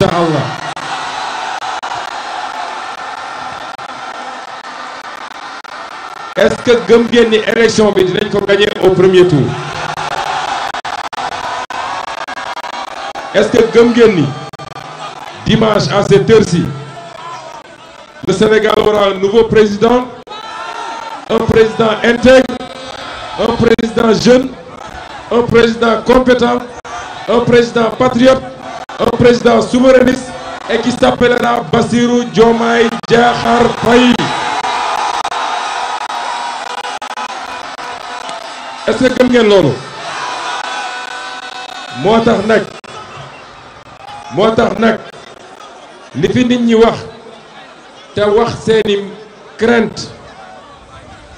insha allah est-ce que gëm ngeen ni élection bi dinañ ko gagner au premier tour est-ce que gëm ngeen ni dimanche à cette heure le Sénégal aura un nouveau président un président intègre un président jeune un président compétent un président patriote un président souverainiste et qui s'appellera Bassirou Diomaye Diakhar Faye. Est-ce que gëm ngeen loolu moo tax nag moo li fi nit ñi wax te wax seeni crainte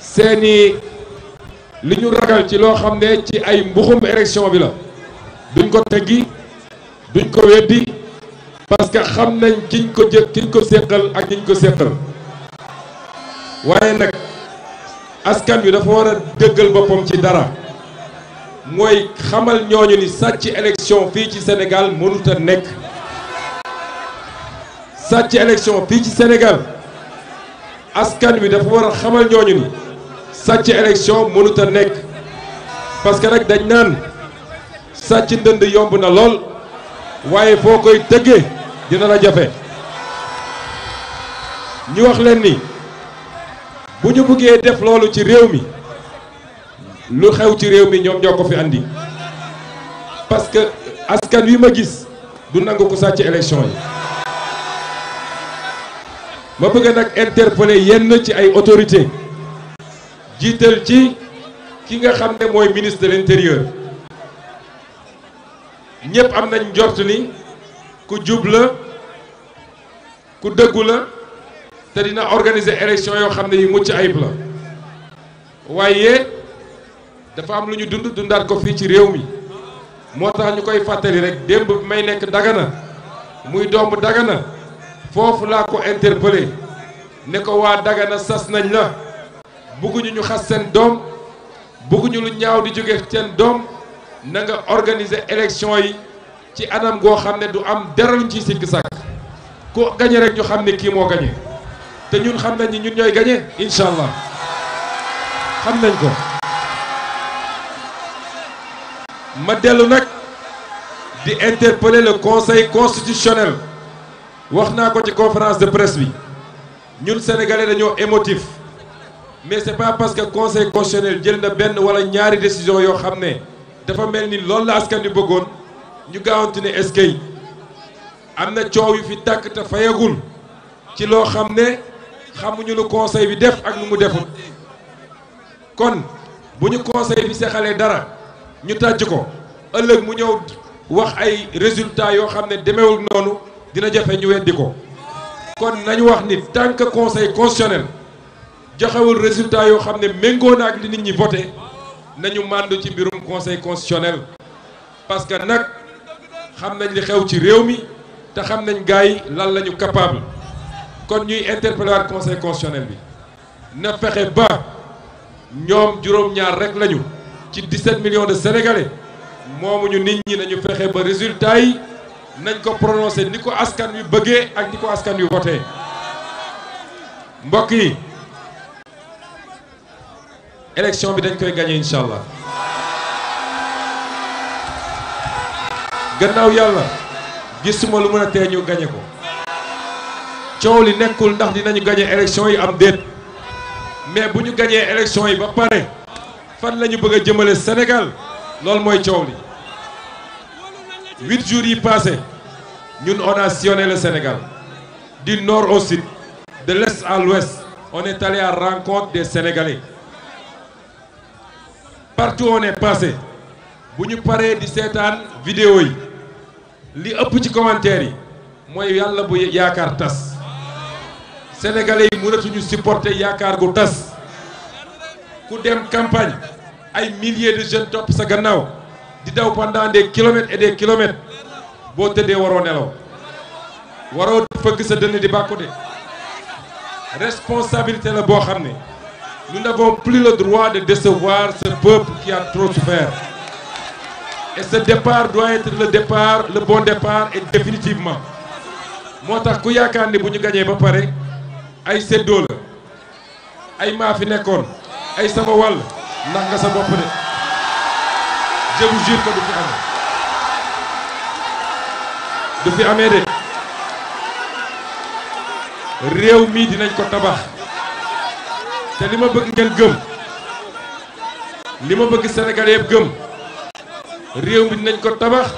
seeni li ñu ragal ci loo xam ne ci ay mbuxum élection bi la duñ ko teggi duñ ko weddi parce que xam nañ kiñ ko jë kiñ ko séqal ak kiñ ko séqal waaye nag askan wi dafa war a dëggal boppam ci dara mooy xamal ñooñu ni sàcc élection fii ci Sénégal mënut a nekk sàcc élection fii ci Sénégal askan wi dafa war a xamal ñooñu ni sàcc élection mënut a nekk parce que rek dañ naan sàcc ndënd yomb na lool waaye foo koy tëggee dina la jafe ñu wax leen ni bu ñu bëggee def loolu ci réew mi lu xew ci réew mi ñoom ñoo ko fi andi parce que askan wi ma gis du nangu ko sàcc élection yi ma bëgg nag interpeller yenn ci ay autorité jiital ci ki nga xam ne mooy ministre de l'intérieur ñëpp am nañ njort ni ku jub la ku dëggu la te dina organiser élection yoo xam ne yu mucc ayib la waaye dafa am lu ñu dund dundaat ko fii ci réew mi moo tax ñu koy fàttali rek démb bi may nekk Dagana muy doomu Dagana foofu laa ko interpellé ne ko waa Dagana sas nañ la bëgguñu ñu xas seen doom bëgguñu lu ñaaw di jóge seen doom na nga organiser élection yi ci anam goo xam ne du am dara luñ ciy sikk sàkk ko gañe rek ñu xam ne kii moo gañe te ñun xam nañ ni ñun ñooy gañe incha allah xam nañ ko ma dellu nag di interpeller le conseil constitutionnel wax naa ko ci conférence de presse bi ñun sénégalais dañoo émotif mais c'est pas parce que conseil constitutionnel jël na benn wala ñaari décision yoo xam ne dafa mel ni loolu la askan wi bëggoon ñu gaawante ne SK yi am na coow yu fi tàkk te fayagul ci loo xam ne xamuñu lu conseil bi def ak nu mu deful kon bu ñu conseil bi sexalee dara ñu tàjj ko ëllëg mu ñëw wax ay résultats yoo xam ne demewul noonu dina jafe ñu weddi ko kon nañu wax ni tànk que conseil constitutionnel joxewul résultat yoo xam ne méngoo na ak li nit ñi voté nañu màndu ci mbirum conseil constitutionnel parce que nag xam nañ li xew ci réew mi te xam nañ gars yi lan la ñu capable kon ñuy interpellé waat conseil constitutionnel bi na fexe ba ñoom juróom-ñaar rek lañu ci 17 millions de sénégalais ñu nit ñi nañu fexe ba résultat yi nañ ko prononcé ni ko askan wi bëggee ak ni ko askan wi voté mbokk yi. élection bi dañ koy gagné incha allah gannaaw yàlla gisuma lu mën a tee ñu gañe ko coow li nekkul ndax dinañu gañe élection yi am déet mais bu ñu gañee élection yi ba pare fan lañu ñu bëgg a jëmale Sénégal loolu mooy coow li huit jours yi passé ñun on a sillonné le Sénégal du nord au de l'est à l'ouest on est allé à rencontre partout on est passé bu ñu paree di seetaan vidéo yi li ëpp ci commentaire yi mooy yàlla bu yaakaar tas sénégalais yi mënatuñu supporter yaakaar gu tas ku dem campagne ay milliers de jeunes topp sa gannaaw di daw pendant des kilomètres et des boo tëddee waroo nelaw waroo fëgg sa dënn di bàkku de responsabilité la boo xam ne Nous n'avons plus le droit de décevoir ce peuple qui a trop souffert. Et ce départ doit être le départ, le bon départ et définitivement. moo tax ku yaakaar ni bu ñu gañee ba pare ay séddoo la ay maa fi nekkoon ay sama wàll ndax nga sa bopp de je du fi amee du réew mii dinañ ko tabax te li ma bëgg ngeen gëm li ma bëgg sénégalais yëpp gëm réew mi dinañ ko tabax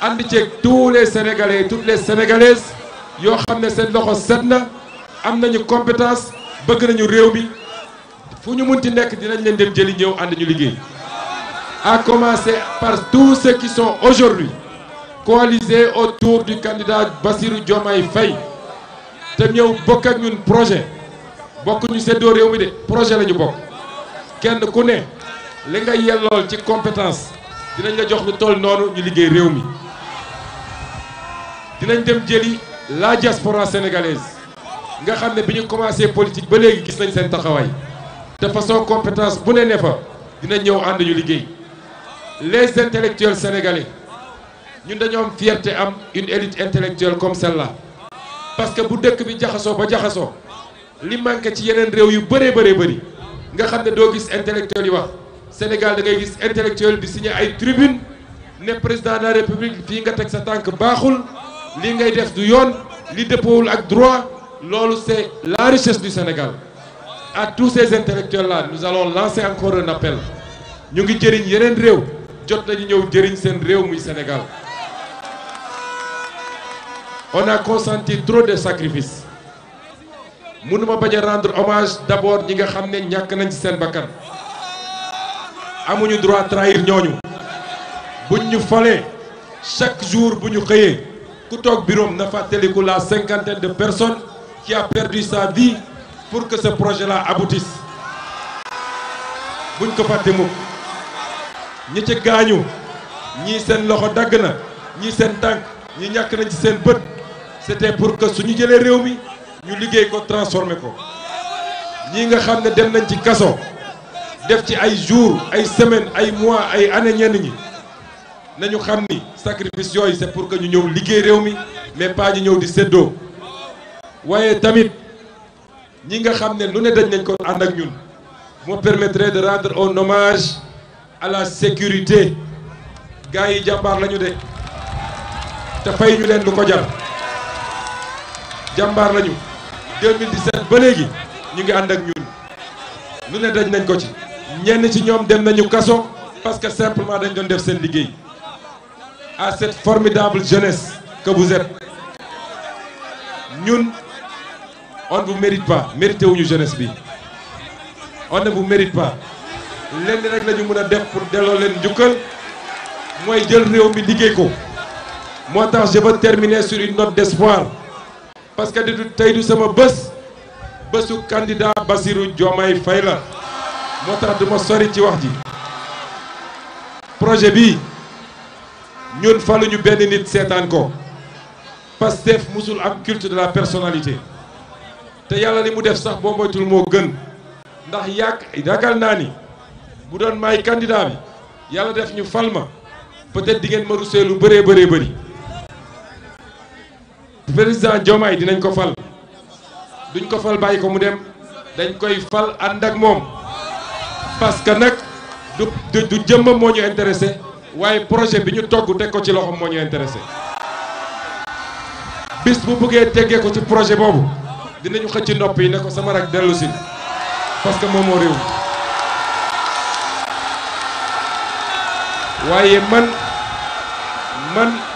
ànd ceeg tous les sénégalais toutes les sénégalaises yoo xam ne seen loxo set na am nañu compétence bëgg nañu réew mi fu ñu munti nekk dinañ leen dem jëli ñëw ànd ñu liggéey à commencer par tous ceux qui sont aujourd'hui coalisés autour du candidat Bassirou Diomaye Faye te ñëw bokk ak ñun projet bokku ñu séddoo réew mi de projet la ñu bokk kenn ku ne li nga yellool ci compétence dinañ la jox lu toll noonu ñu liggéey réew mi dinañ dem jëli la diaspora sénégalaise nga xam ne bi ñu commencé politique ba léegi gis nañ seen taxawaay de façon compétence bu ne ne fa dinañ ñëw ànd ñu liggéey les intellectuels sénégalais ñun dañoo am fierté am une élite intellectuelle comme celle-là parce que bu dëkk bi jaxasoo ba jaxasoo li manqué ci yeneen réew yu bëree bëree bëri nga xam ne doo gis intellectuel yi wax Sénégal da ngay gis intellectuel di signé ay tribune ne président de république fii nga teg sa tànk baaxul li ngay def du yoon li dëppowul ak droit loolu c'est la richesse du Sénégal à tous ces intellectuels là nous allons lancer encore un appel ñu ngi jëriñ yeneen réew jot nañu ñëw jëriñ seen réew muy Sénégal on a consenti trop de sacrifices mënuma bañ a rendre hommage d'abord ñi nga xam ne ñàkk nañ ci seen bakkan amuñu droit trahir ñooñu buñ ñu falee chaque jour bu ñu xëyee ku toog bureau na fàttaliku la cinquante de personnes qui a perdu sa vie pour que ce projet la aboutisse buñ ko fàtte mukk ñi gaañu ñii seen loxo dagg na ñii seen tànk ñi ñàkk nañ ci seen bët c'était pour que suñu jëlee réew mi ñu liggéey ko transformé ko ñi nga xam ne dem nañ ci kaso def ci ay jours ay semaines ay mois ay années ñenn ñi nañu xam ni sacrifice yooyu c'est pour que ñu ñëw liggéey réew mi mais pas ñu ñëw di séddoo waaye tamit ñi nga xam ne lu ne dañ nañ ko ànd ak ñun moo permettrait de rendre on hommage à la sécurité gars yi jàmbaar lañu de te fay ñu leen lu ko jar jàmbaar lañu 2017 ba léegi ñu ngi ànd ak ñun lu ne daj nañ ko ci ñenn ci ñoom dem nañu kaso parce que simplement dañ doon def seen liggéey à cette formidable jeunesse que vous êtes ñun on ne vous mérite pas mérité wuñu jeunesse bi on ne vous mérite pas lenn rek la ñu mën a def pour delloo leen njukkal mooy jël réew mi liggéey ko moo tax je veux terminer sur une note d'espoir parce que du tey du sama bés bésu candidat Bassirou Diomaye fay la moo tax du sori ci wax ji projet bi ñun ñu benn nit seetaan ko Pastef musul ak culte de la personnalité te yàlla li mu def sax boo moo gën ndax yàq ragal naa ni bu doon may candidat bi yàlla def ñu fal ma peut-être di ngeen ma rusee lu bëree bëree bëri président Diomaye dinañ ko fal duñ ko fal bàyyi ko mu dem dañ koy fal ànd ak moom parce que nag du du jëmmam moo ñu intéressé waaye projet bi ñu togg teg ko ci loxoom moo ñu intéressé bis bu buggee teggee ko ci projet boobu dinañu xëcc nopp yi ne ko sama rak dellusi si parce que moom moo réew man man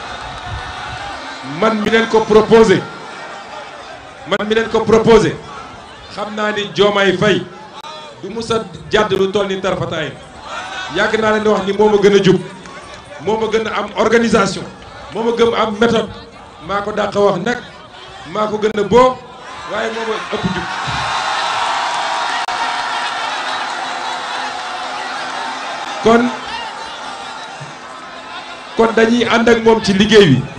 man mi leen ko proposé man mi leen ko proposé xam naa ni Diomaye Faye du mus a jàdd lu toll ni tarfataay yàgg naa leen di wax ni moo ma gën a jub moom ma gën a am organisation moo ma gën am méthode maa ko dàq wax nag maa ko gën a boo waaye moo ma ëpp jub kon kon dañuy ànd ak moom ci liggéey bi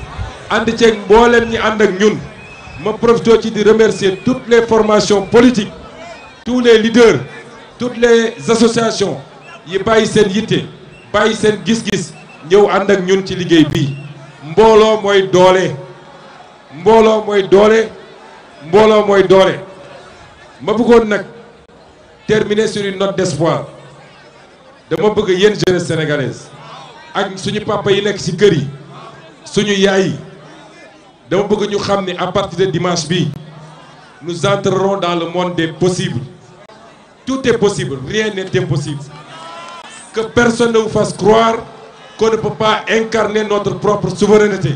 ànd ceeg mboolem ñi ànd ak ñun ma profité ci di remercier toutes les formations politiques tous les leaders toutes les associations yi bàyyi seen yitte bàyyi seen gis-gis ñëw ànd ak ñun ci liggéey bi mbooloo mooy doole mbooloo mooy doole mbooloo mooy doole ma bëggoon nag terminer sur une note d'espoir dama bëgg yéen jeunesse sénégalaise ak suñu papa yi nekk ci kër yi suñu yaay yi dama bëgg ñu xam ni à partir de dimanche bi nous entrerons dans le monde des possibles tout est possible rien n'est impossible que personne ne vous fasse croire qu'on ne peut pas incarner notre propre souveraineté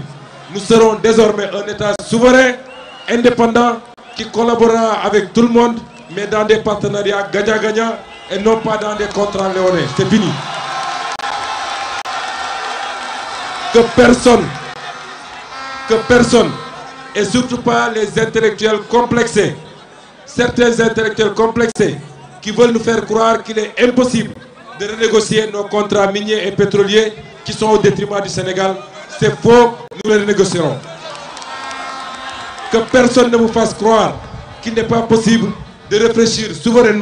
nous serons désormais un État souverain indépendant qui collaborera avec tout le monde mais dans des partenariats gagnant-gagnant et non pas dans des contrats léonins c'est fini que personne que personne, et surtout pas les intellectuels complexés, certains intellectuels complexés qui veulent nous faire croire qu'il est impossible de renégocier nos contrats miniers et pétroliers qui sont au détriment du Sénégal. C'est faux, nous les renégocierons. Que personne ne vous fasse croire qu'il n'est pas possible de réfléchir souverainement